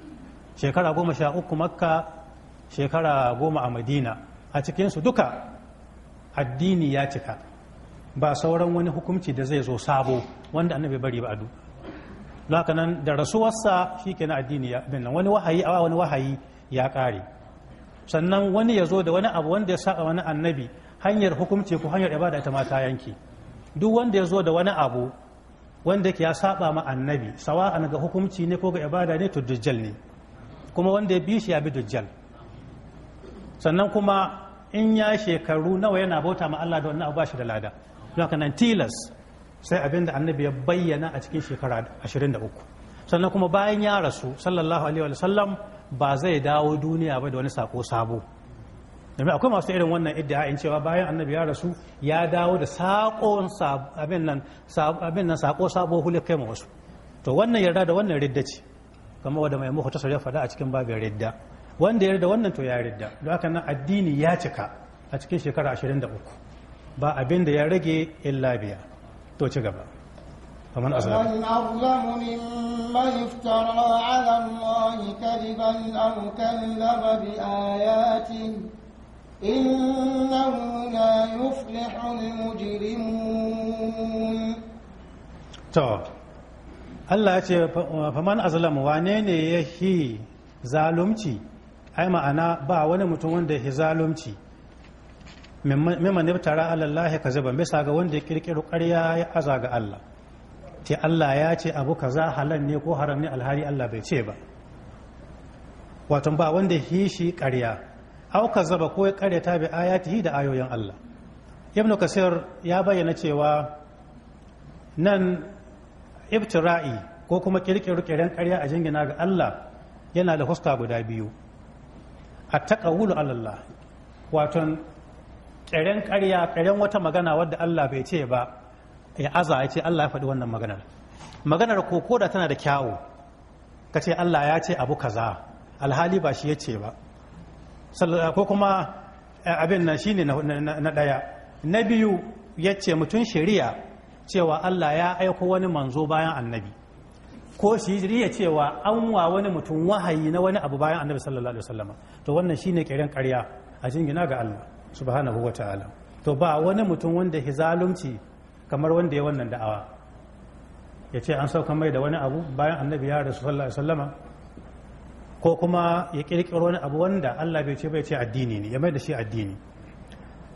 Speaker 1: shekara goma sha uku makka shekara goma a madina a cikinsu duka addini ya cika ba sauran wani hukunci da zai zo sabo wanda annabi bari ba adu haka nan da rasuwarsa shikenan addini ya binnan wani wahayi a wani wahayi ya kare sannan wani ya zo da wani abu wanda ya saba wani annabi hanyar hukunci ko hanyar ibada ta mata yanki duk wanda ya zo da wani abu wanda ya saba ma annabi sawa sawa'an ga hukunci ne ko ga ibada ne to dujjal ne kuma wanda ya bi shi ya bi dujjal sannan kuma in ya shekaru nawa yana bauta ma Allah da wannan abu shi da lada don haka nan tilas sai abin da annabi ya bayyana a cikin shekara 23 sannan kuma bayan ya rasu sallallahu alaihi wa sallam ba zai dawo duniya ba da wani sako sabo domin akwai masu irin wannan iddia'in cewa bayan annabi ya rasu ya dawo da sakon abin nan abin nan sako sabo hulai kai ma wasu to wannan yarda da wannan ridda ce kamar wanda mai muku tasar ya faɗa a cikin babin ridda wanda ya yarda wannan to ya yarda don haka nan addini ya cika a cikin shekara 23 ba abin da ya rage illa biya to ci gaba فمن أظلم
Speaker 2: من أظلم ممن افترى على الله كذبا أو كذب بآياته إنه لا يفلح المجرمون
Speaker 1: to Allah ya ce faman azlam wane ne ya zalumci ai ma'ana ba wani mutum wanda ya zalunci mimman niftara alallahi ka zaba bisa ga wanda ya kirkiro karya ya aza ga Allah ce Allah ya ce abu kaza halal ne ko haram ne alhari Allah bai ce ba wato ba wanda ya shi karya au ka zaba ko ya ta bi ayati da ayoyin Allah ibnu kasir ya bayyana cewa nan ibtira'i ko kuma kirkiro kiran karya a jingina ga Allah yana da huska guda biyu a wul Allah wato ƙeren ƙarya ƙiren wata magana wadda Allah bai ce ba ya aza ya ce Allah ya faɗi wannan maganar maganar koko da tana da kyawu ka ce Allah ya ce abu kaza alhali ba shi ya ce ba ko kuma eh, abin nan shine na ɗaya na biyu ya ce mutum shari'a cewa Allah ya aiko wani manzo bayan annabi ko su yi riya cewa an wa wani mutum wahayi na wani abu bayan annabi sallallahu alaihi wasallam to wannan shine kiran ƙarya a jingina ga Allah subhanahu wataala to ba wani mutum wanda ke zalunci kamar wanda ya wannan da'awa ya ce an sauka mai da wani abu bayan annabi ya rasu sallallahu alaihi wasallama ko kuma ya kirkiro wani abu wanda Allah bai ce bai ce addini ne ya mai da shi addini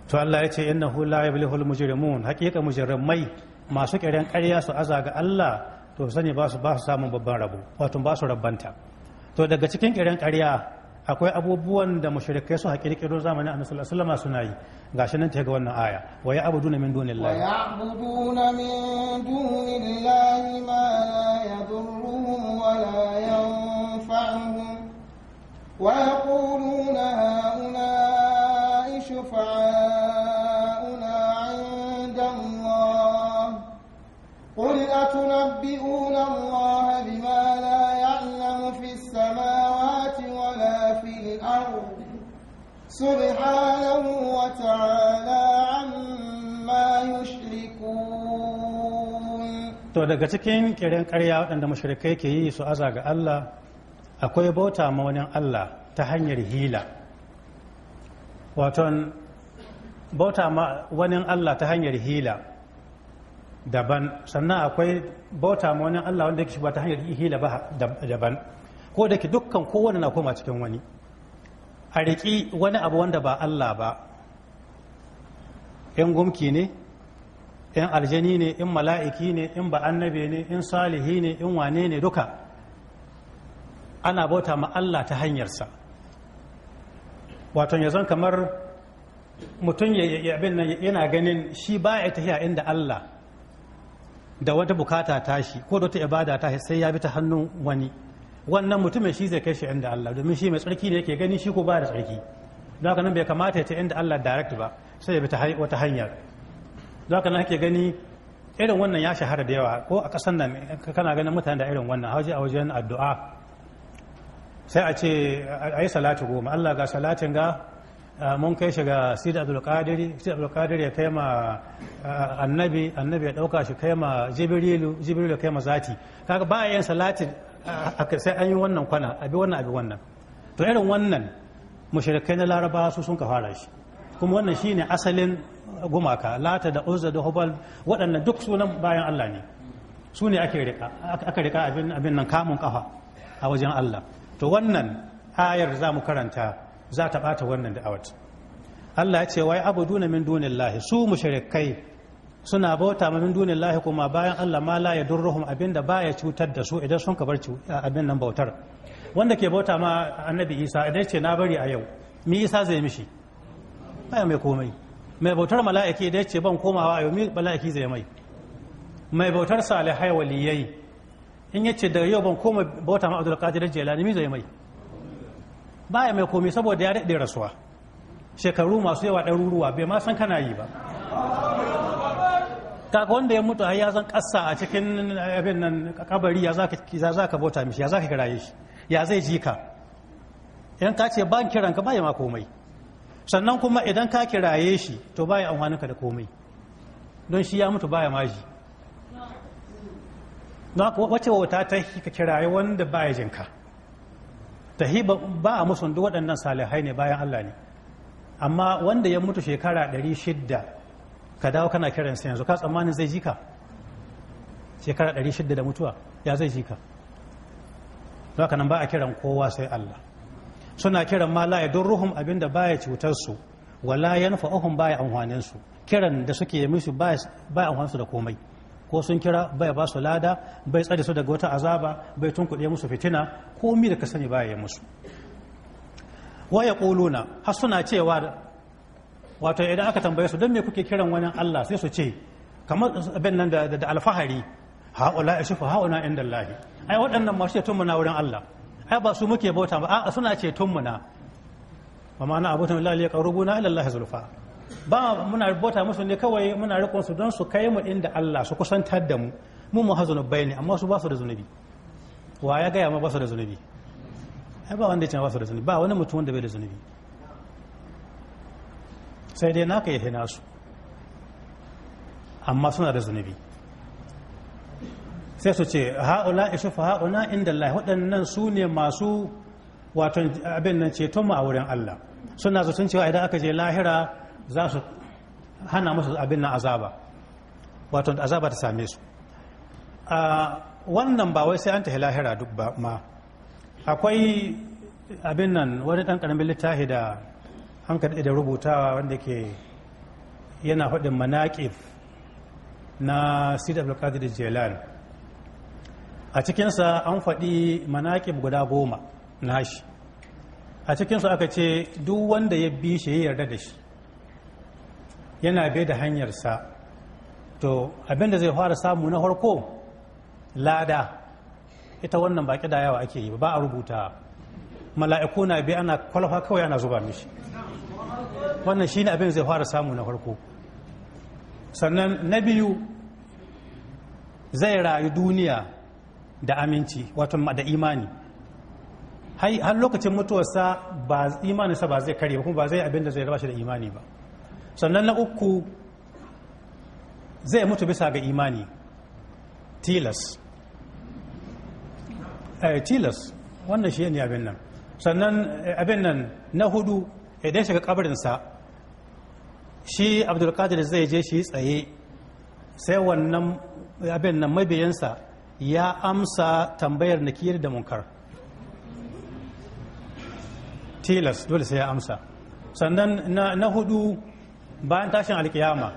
Speaker 1: to Allah ya ce innahu la yablihul mujrimun haqiqa mujrimai masu kiran ƙarya su aza ga Allah to sani ba su samun babban rabo wato ba su rabbanta to daga cikin kiran karya akwai abubuwan da mushrikai su haƙi kiro zamanin annabi sallallahu alaihi wasallam suna yi gashi nan ta ga wannan aya wa ya'buduna min dunillahi wa
Speaker 2: ya'buduna min dunillahi ma la yadurruhum wa la yanfa'uhum wa yaquluna تنبئون الله بما لا يعلم في السماوات ولا في الأرض سبحانه وتعالى عما يشركون
Speaker 1: to daga cikin kiran karya waɗanda mashirikai ke yi su aza ga Allah akwai bauta maunin Allah ta hanyar hila waton bauta ma wani Allah ta hanyar hila daban sannan akwai bauta ma wani Allah wanda yake shi ba ta hanyar hila ba daban ko da ke dukkan kowane na koma cikin wani a riƙi wani abu wanda ba Allah ba in gumki ne in aljani ne in mala'iki ne in ba ne in salihi ne in wane ne duka ana bauta ma Allah ta hanyarsa wato yanzu kamar mutum ya yana ganin shi ba ya tafiya inda Allah da wata bukata tashi ko da wata ibada ta sai ya bi ta hannun wani wannan mutumin shi zai kai shi inda Allah domin shi mai tsarki ne yake gani shi ko ba da tsarki don haka nan bai kamata ya ta inda Allah direct ba sai ya bi ta wata hanyar don haka nan ake gani irin wannan ya shahara da yawa ko a ƙasar nan kana ganin mutane da irin wannan hauji a wajen addu'a sai a ce a yi salatu goma Allah ga salatin ga Ah, mun kai shi ga sidi abdulkadiri sidi abdulkadiri ya kai ma ah, annabi annabi ya dauka shi kai ma jibrilu jibrilu ya kai ma zati kaga ba yan salati ah, sai an yi wannan kwana abi wannan abi wannan to irin wannan mushrikai na laraba su sun ka fara shi kuma wannan shine asalin gumaka lata da uzza da hubal waɗannan duk sunan bayan Allah ne su ne ake rika aka rika abin abin nan kamun kafa a wajen Allah to wannan ayar za mu karanta za ta bata wannan da'awat Allah ya ce wai abuduna min dunillahi su mushrikai suna bauta ma min dunillahi kuma bayan Allah ma la durruhum abinda baya cutar da su idan sun ka kabar abin nan bautar wanda ke bauta ma annabi Isa idan ce na bari a yau mi Isa zai mishi baya mai komai mai bautar mala'iki idan ce ban komawa a yau mi mala'iki zai mai mai bautar salihai waliyai in yace da yau ban koma bauta ma Abdul Qadir Jilani mi zai mai baya mai komi saboda ya daɗe rasuwa shekaru masu yawa ɗaruruwa bai ma san kana yi ba Kaka wanda ya mutu har ya zan ƙasa a cikin abin nan kabari ya za ka bauta mishi ya za ka kiraye shi ya zai ji ka Yan ka ce ban kiranka baya ma komai sannan kuma idan ka kiraye shi to baya amfaninka da komai don shi ya mutu baya maji na wace wauta ta ka kiraye wanda baya jinka tahi ba a musun duk waɗannan salihai ne bayan Allah ne amma wanda ya mutu shekara 600 ka dawo kana kiran sa yanzu ka tsammanin zai jika shekara 600 da mutuwa ya zai jika ka nan ba a kiran kowa sai Allah suna kiran ma ruhun abin abinda baya cutar su wala yanfa'uhum baya amfanin su kiran da suke yi musu baya amfanin su da komai ko sun kira bai ba su lada bai tsare su daga wata azaba bai tun tunkuɗe musu fitina ko mi da ka sani baya ya musu waya ƙuluna har suna cewa wato idan aka tambaye su don me kuke kiran wani Allah sai su ce kamar abin nan da alfahari ha'ula ishufa ha'una inda Allah ai waɗannan masu ceton muna wurin Allah ai ba su muke bauta ba a suna ceton muna ba wa ma'ana abutun lillahi ya qarubuna ila Allah zulfa ba muna rubuta musu ne kawai muna rikon su don su kai mu inda Allah su kusantar da mu mu mu hazu bai ne amma su ba su da zunubi wa ya gaya ma ba su da zunubi ai ba wanda ya ce ba su da zunubi ba wani mutum wanda bai da zunubi sai dai naka ya hina su amma suna da zunubi sai su ce ha'ula isu fa ha'una inda Allah waɗannan su ne masu wato abin nan ceton mu a wurin Allah suna su sun cewa idan aka je lahira za su hana musu abin nan azaba wato azaba ta same su a wannan ba wai sai an tafi lahira duk ba ma akwai abin nan wani ɗan ƙaramin littafi da an ka da rubutawa wanda ke yana faɗin manaƙif na sid abdulkadir jelan a cikinsa an faɗi manaƙif guda goma nashi a cikinsu aka ce duk wanda ya bi shi ya yarda da shi yana bai da hanyarsa to abinda zai fara samu na harko lada ita wannan baƙi da yawa ake yi ba a rubuta mala'iku na bi ana kwalfa kawai ana zuba mishi wannan shine abin zai fara samu na farko sannan na biyu zai rayu duniya da aminci wato da imani har lokacin mutuwarsa ba imaninsa ba zai kare ba kuma ba zai abin da zai raba shi da imani ba sannan na uku zai mutu bisa ga imani tilas eh, tilas wannan shi ne abin nan sannan eh, abin nan na hudu idan shiga kabarinsa shi abdulkadir zai je shi tsaye sai wannan abin nan mabiyansa ya amsa tambayar nakiyar da munkar tilas dole sai ya amsa sannan na hudu bayan tashin alkiyama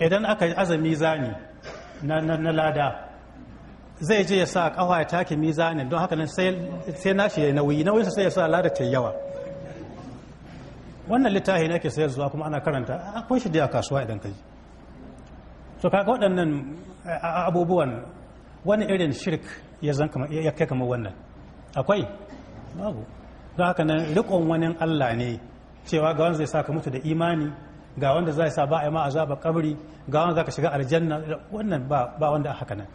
Speaker 1: idan aka yi azumi zani na lada zai je ya sa kawa ya take mizanin don haka nan sai shi ya nauyi nauyinsa sai ya sa lada ta yawa wannan littafi ne ake sayar zuwa kuma ana karanta akwai shi a kasuwa idan ka yi. so kaga waɗannan abubuwan wani irin shirk ya zan ya kai kamar wannan akwai babu don haka nan riƙon wani allah ne cewa ga wanda zai sa ka mutu da imani ga wanda zai sa ba a yi ma azaba kabri ga wanda za ka shiga aljanna wannan ba wanda a haka nan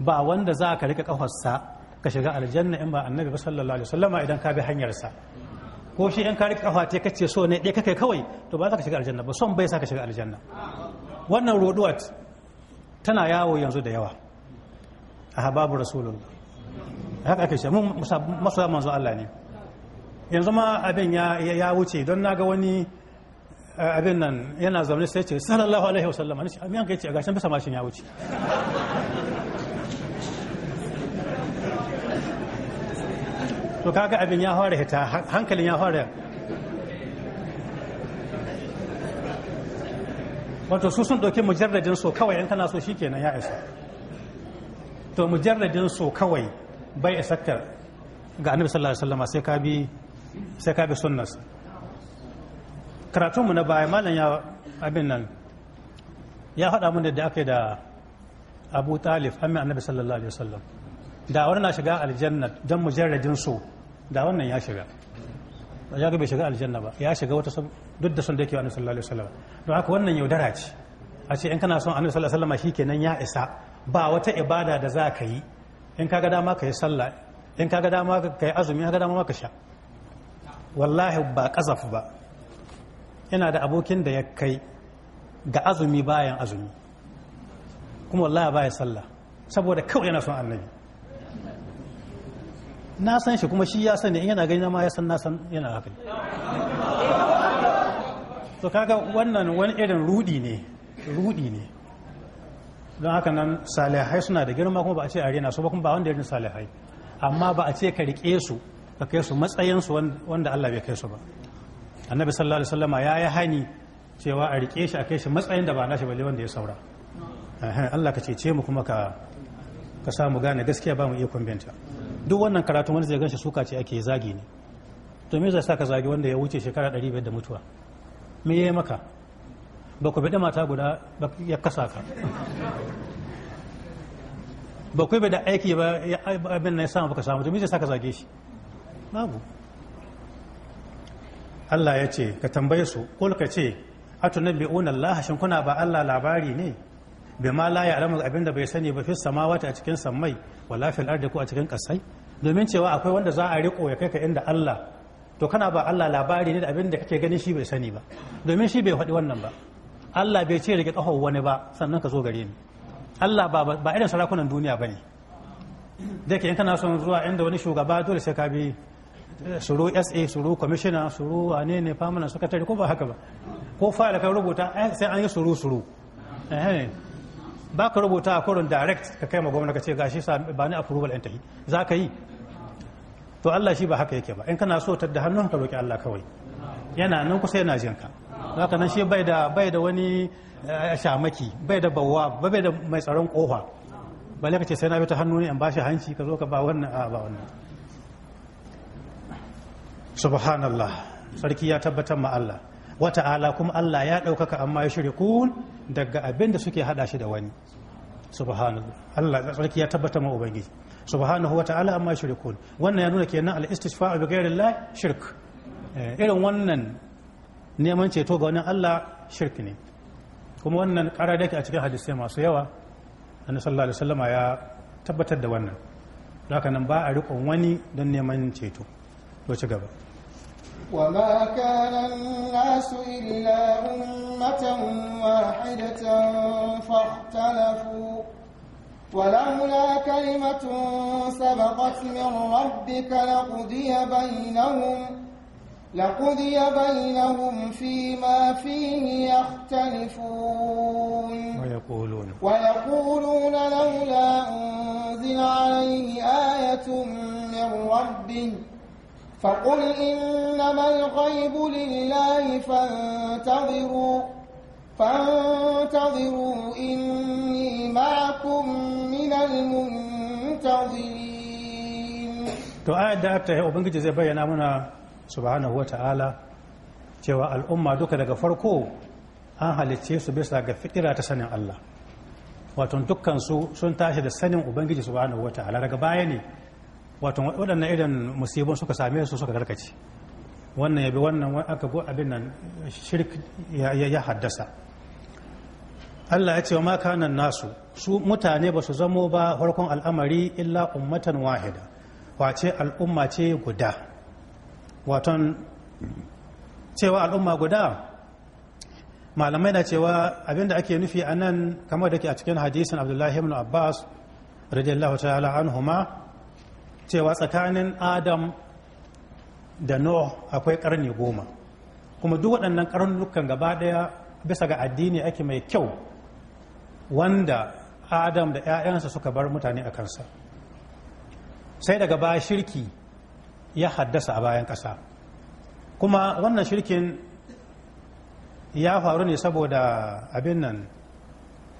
Speaker 1: ba wanda za ka rika kafarsa ka shiga aljanna in ba annabi ba sallallahu alaihi wasallama idan ka bi hanyarsa ko shi in ka rika kafa te kace so ne dai kai kawai to ba za ka shiga aljanna ba son bai sa ka shiga aljanna wannan roduwat tana yawo yanzu da yawa a hababu rasulullah haka ake shi mun masu manzo Allah ne yanzu ma abin ya wuce don na ga wani eh, abin nan yana zaune sai ce sallallahu alaihi wasallam ne amma yanka a gashin bisa mashin ya wuce to kaga abin ya fara hita hankalin ya fara wato su sun ɗauki mujarradin so kawai in kana so shikenan ya isa to mujarradin so kawai bai isakar ga annabi sallallahu alaihi wasallam sai ka bi sai ka bi sunnas karatunmu na baya malam ya abin nan ya faɗa mun da aka yi da abu talif amma annabi sallallahu alaihi wasallam da wani na shiga aljanna don mujarradin so da wannan ya shiga ya ga shiga aljanna ba ya shiga wata duk da son da yake annabi sallallahu alaihi wasallam don haka wannan yaudara ce a ce in kana son annabi sallallahu alaihi wasallam shikenan ya isa ba wata ibada da za ka yi in ka ga dama ka yi sallah in ka ga dama ka yi azumi in ka ga dama ka sha wallahi ba kasaf ba yana da abokin da ya kai ga azumi bayan azumi kuma wallahi baya sallah saboda kawai yana son annabi na san shi kuma shi ya sani in yana gani ma ya san na yana haka to kaga wannan wani irin rudi ne rudi ne don haka nan salihai suna da girma kuma ba a ce a rena su ba kuma ba wanda irin salihai amma ba a ce ka rike su ka kai su matsayinsu wanda Allah bai kai su ba annabi sallallahu alaihi wasallama ya yi hani cewa a rike shi a kai shi matsayin da ba nashi bale wanda ya saura Allah ka cece mu kuma ka ka samu gane gaskiya ba mu iya kwambenta duk wannan karatun wanda zai ganshi suka ce ake zagi ne to me zai saka zagi wanda ya wuce shekara 500 da mutuwa me yayi maka ba ku bada mata guda ya kasa ka ba ku bada aiki ba abin nan ya samu baka samu to me zai ka zage shi babu Allah ya ce ka tambaye su kul ka ce a atunabbi'una Allah shin kuna ba Allah labari ne ma la abin da bai sani ba fi wata a cikin sammai wala fil ardi ko a cikin kasai domin cewa akwai wanda za a riko ya kai ka inda Allah to kana ba Allah labari ne da da kake ganin shi bai sani ba domin shi bai faɗi wannan ba Allah bai ce rike kafa wani ba sannan ka zo gare ni Allah ba irin sarakunan duniya bane da ke in kana son zuwa inda wani shugaba dole sai ka bi suru sa suru kwamishina suru a ne ne sakatare ko ba haka ba ko fa'ila ka rubuta eh, sai an yi suru suru eh, ba ka rubuta a kurin direct ka kai ma gwamna ka ce gashi sa ba ni approval ɗin tafi za ka yi to Allah shi ba haka yake ba in kana so ta da hannun ka roƙi Allah kawai yana nan kusa yana jin ka ka nan shi bai da bai da wani eh, shamaki bai da bawa bai da mai tsaron kofa bale ka ce sai na bi ta hannu ne in bashi hanci ka zo ka ba wannan a ba wannan subhanallah sarki ya tabbatar ma Allah wata'ala kuma Allah ya ɗaukaka amma ya kun daga abin da suke haɗa shi da wani subhanallah Allah sarki ya tabbatar ma ubangiji subhanahu wata'ala amma ya kun wannan ya nuna kenan al-istishfa'u bi Allah shirk eh, irin wannan neman ceto ga wani Allah shirk ne kuma wannan ƙara da a cikin hadisai masu yawa annabi sallallahu alaihi wasallama ya tabbatar da wannan haka nan ba a riƙon wani don neman ceto to ci gaba
Speaker 2: وما كان الناس إلا أمة واحدة فاختلفوا ولولا كلمة سبقت من ربك لقضي بينهم لقضي بينهم فيما فيه يختلفون
Speaker 3: ويقولون
Speaker 2: ويقولون لولا أنزل عليه آية من ربه فقل إنما الغيب لله فانتظروا فانتظروا إني معكم من المنتظرين
Speaker 1: to ayat da ta yi ubangiji zai bayyana muna subhanahu wa ta'ala cewa al'umma duka daga farko an halicce su bisa ga fikira ta sanin Allah wato dukkan su sun tashi da sanin ubangiji subhanahu wa ta'ala daga baya ne wato waɗannan irin musibin suka same su suka karkace wannan yabi wannan aka go abin nan shirk ya haddasa Allah ya ce wa makanan nasu su mutane ba su zamo ba farkon al'amari illa ummatan wahida wace al'umma ce guda waton cewa al'umma guda malamai na cewa abinda ake nufi a nan kamar da ke a cikin hadisin abdullahi ibn abbas radiyallahu ta'ala anhuma cewa tsakanin adam da noah akwai karni goma kuma duk waɗannan karnukan gaba ɗaya bisa ga addini ake mai kyau wanda adam da 'ya'yansa suka bar mutane a kansa sai daga baya shirki ya haddasa a bayan ƙasa kuma wannan shirkin ya faru ne saboda abin nan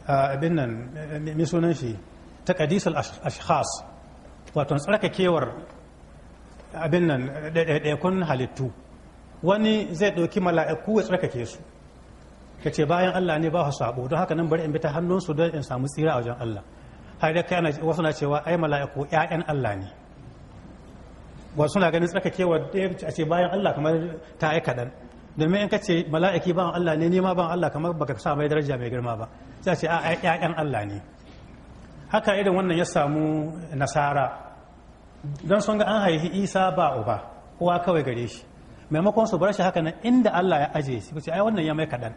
Speaker 1: abin nan mai sunan shi ta ƙadisul ashkhas wato tsarkakewar abin nan ɗaiɗaikun halittu wani zai ɗauki mala'iku ya tsarkake su ka ce bayan Allah ne ba su sabo don haka nan bari in bi ta hannunsu don in samu tsira a wajen Allah har da kai wasu na cewa ai mala'iku ƴaƴan Allah ne wasu na ganin tsarkakewa a ce bayan Allah kamar ta yi kaɗan domin in ka ce mala'iki ba Allah ne ma ban Allah kamar baka sa mai daraja mai girma ba sai a ce a ƴaƴan Allah ne haka irin wannan ya samu nasara don sun ga an haifi isa ba uba uwa kawai gare shi maimakon su bar shi haka nan inda allah ya ajiye shi ce ai wannan ya mai kaɗan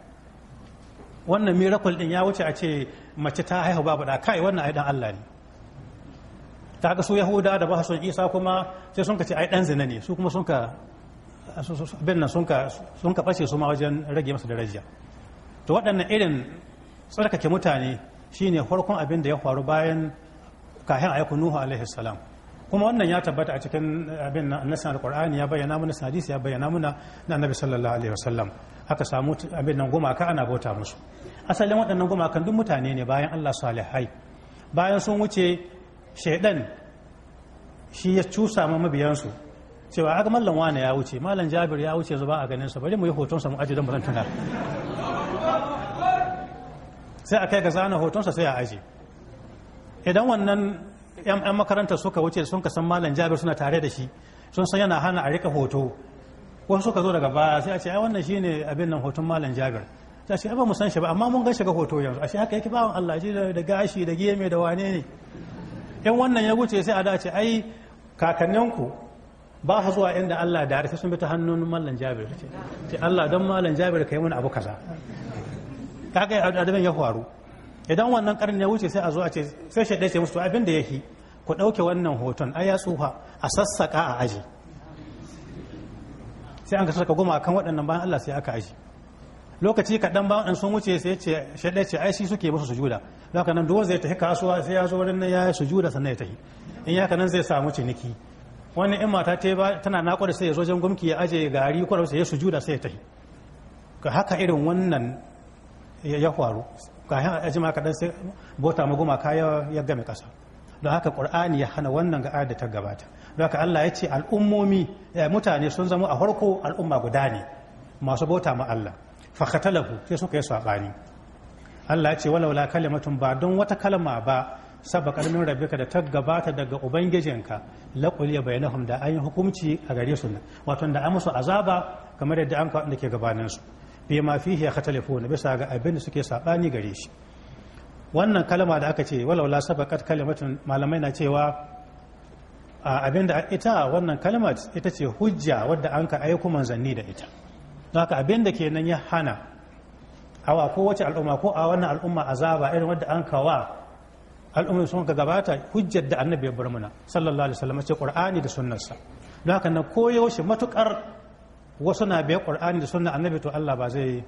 Speaker 1: wannan miracle din ya wuce a ce mace ta haihu babu da kai wannan ai dan allah ne ta ga su yahuda da ba son isa kuma sai sun ka ce ai dan zina ne su kuma sun ka nan sun ka ɓace su ma wajen rage masa daraja to waɗannan irin tsarkake mutane shine farkon abin da ya faru bayan kahin aiko nuhu alaihi salam kuma wannan ya tabbata a cikin abin nasan alqur'ani ya bayyana mana hadisi ya bayyana mana na annabi sallallahu alaihi wasallam aka samu abin nan gumaka ana bauta musu asalin waɗannan gumakan duk mutane ne bayan Allah salihai bayan sun wuce shaidan shi ya cusa ma mabiyansu cewa aka mallan wane ya wuce mallan jabir ya wuce zuba a ganin sa bari mu yi hoton sa mu ajiye don tuna sai a kai ga zana hotonsa sai a aje idan wannan yan makaranta suka wuce sun ka san malam jabir suna tare da shi sun san yana hana a rika hoto wasu suka zo daga baya sai a ce ai wannan shine abin nan hoton malam jabir ta ce ba mu san shi ba amma mun gan shiga hoto yanzu A shi haka yake bawan Allah shi da gashi da geme da wane ne in wannan ya wuce sai a dace ai kakanninku ba su zuwa inda Allah da sai sun bi ta hannun mallan jabir ce Allah don mallan jabir kai mun abu kaza kaga abin ya faru idan wannan karni ya wuce sai a zo a ce sai shaɗe ce musu abin da ya yi ku ɗauke wannan hoton ai ya tsufa a sassaƙa a aji sai an ka sarka goma kan waɗannan bayan Allah sai aka aji lokaci kaɗan bayan sun wuce sai ce shaɗe ce ai shi suke musu sujuda za ka nan duwan zai tafi kasuwa sai ya zo wurin ya yi sujuda sannan ya tafi in ya nan zai samu ciniki wani in mata ta tana naƙuda sai ya zo jan gwamki ya aje gari kwarar sai ya sujuda sai ya tafi ka haka irin wannan ya faru kayan a jima kaɗan sai bota kaya ya game ƙasa don haka ƙur'ani ya hana wannan ga da ta gabata don haka allah ya ce al'ummomi eh, mutane sun zama a farko al'umma guda ne masu bota ma allah fakatalahu sai suka yi saɓani allah ya ce walaula kalimatun ba don wata kalma ba saba karmin rabbika da ta gabata daga ubangijinka laqul ya bainahum da an yi hukunci a gare su wato da an musu azaba kamar yadda an kawo da ke gabaninsu. bi fihi ya khatalifuna bisa ga abin da suke sabani gare shi wannan kalma da aka ce walau la sabaqat kalimatun malamai na cewa abin da ita wannan kalma ita ce hujja wadda an ka aiko manzanni da ita don haka abin da kenan ya hana awa ko wace al'umma ko a wannan al'umma azaba irin wadda an kawa al'umma sun ka gabata hujjar da annabi ya bar muna sallallahu alaihi wasallam ce qur'ani da sunnarsa don haka na koyo shi matukar wasu na biya ƙur'ani da sunna annabi to Allah ba zai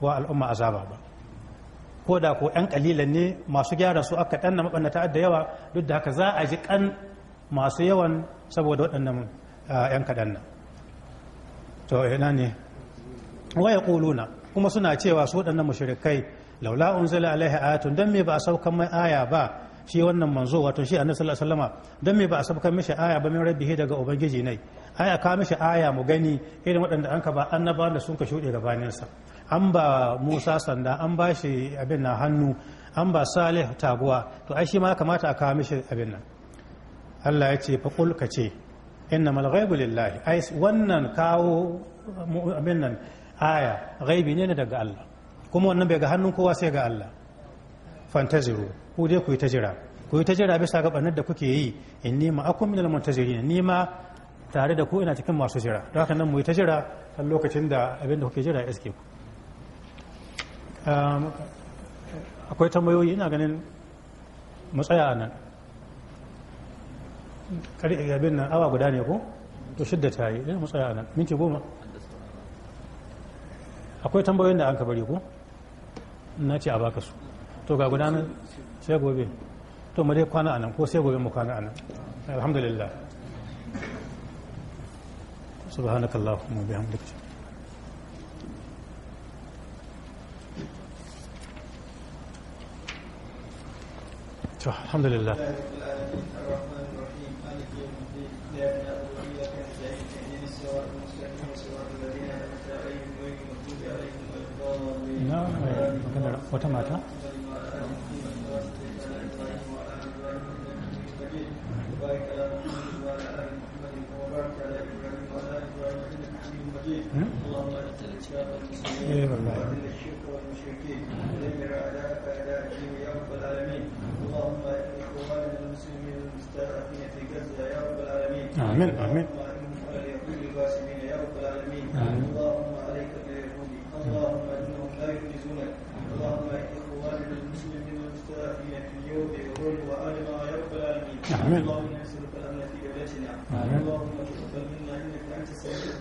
Speaker 1: wa al'umma azaba ba ko da ko ɗan ƙalilan ne masu gyara su aka ɗan na mabannata da yawa duk da haka za a ji ƙan masu yawan saboda waɗannan yan kaɗan nan to ina ne waya ƙuluna kuma suna cewa su waɗannan mushrikai laula unzila alaihi ayatun don me ba a saukan mai aya ba shi wannan manzo wato shi annabi sallallahu alaihi wasallama don me ba a saukan mishi aya ba min rabbihi daga ubangiji ne ai a kawo mishi aya mu gani irin waɗanda an ka ba annabawan da sun ka shuɗe gabaninsa an ba musa sanda an ba shi abin na hannu an ba salih taguwa to ai shi ma kamata a kawo mishi abin nan allah ya ce faƙul ka ce inna mal ghaibu lillahi ai wannan kawo abin nan aya ghaibi ne daga allah kuma wannan bai ga hannun kowa sai ga allah fantaziru ku dai ku yi ta jira ku yi ta jira bisa ga da kuke yi in nima akum minal muntazirin nima tare da ku ina cikin masu jira don haka nan mu yi ta jira kan lokacin da abin da kuke jira ya iske ku akwai tambayoyi ina ganin matsaya a nan kare abin nan awa guda ne ko to shidda ta yi ina matsaya a nan minti goma akwai tambayoyin da an ka bari ko na ce a baka su to ga gudanar sai gobe to ma dai kwana a nan ko sai gobe mu kwana a nan alhamdulillah سبحانك اللهم وبحمدك طيب، الحمد لله نعم، وتمات
Speaker 3: اي الشرك والمشركين دمر اعداءك اعداء يا رب العالمين اللهم ان اخواننا المسلمين المستضعفين في غزه يا رب العالمين امين امين اللهم يا رب
Speaker 1: العالمين اللهم عليك باليهود اللهم انهم لا يفلسونك اللهم
Speaker 3: ان اخواننا المسلمين المستضعفين في يوم وغيره وعالمها يا رب العالمين اللهم نسالك الامن في بلادنا اللهم أنت سميع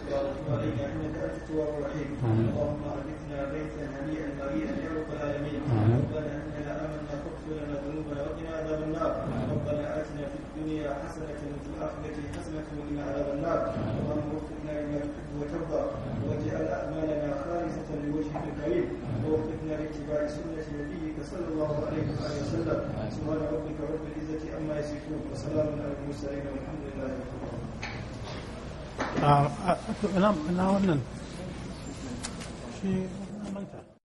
Speaker 3: وعلي أنك أنت التواب الرحيم اللهم أعرفنا بيتا هنيئا مريئا يا رب العالمين ربنا إننا آمنا فاغفر لنا ذنوبنا وقنا عذاب النار ربنا آتنا في الدنيا حسنة وفي الآخرة حسنة وقنا عذاب النار اللهم وفقنا لما تحب وترضى واجعل أعمالنا خالصة لوجهك الكريم ووفقنا لاتباع سنة نبيك صلى الله عليه وآله وسلم سبحان ربك رب العزة عما يصفون وسلام على المرسلين والحمد na wannan
Speaker 1: shi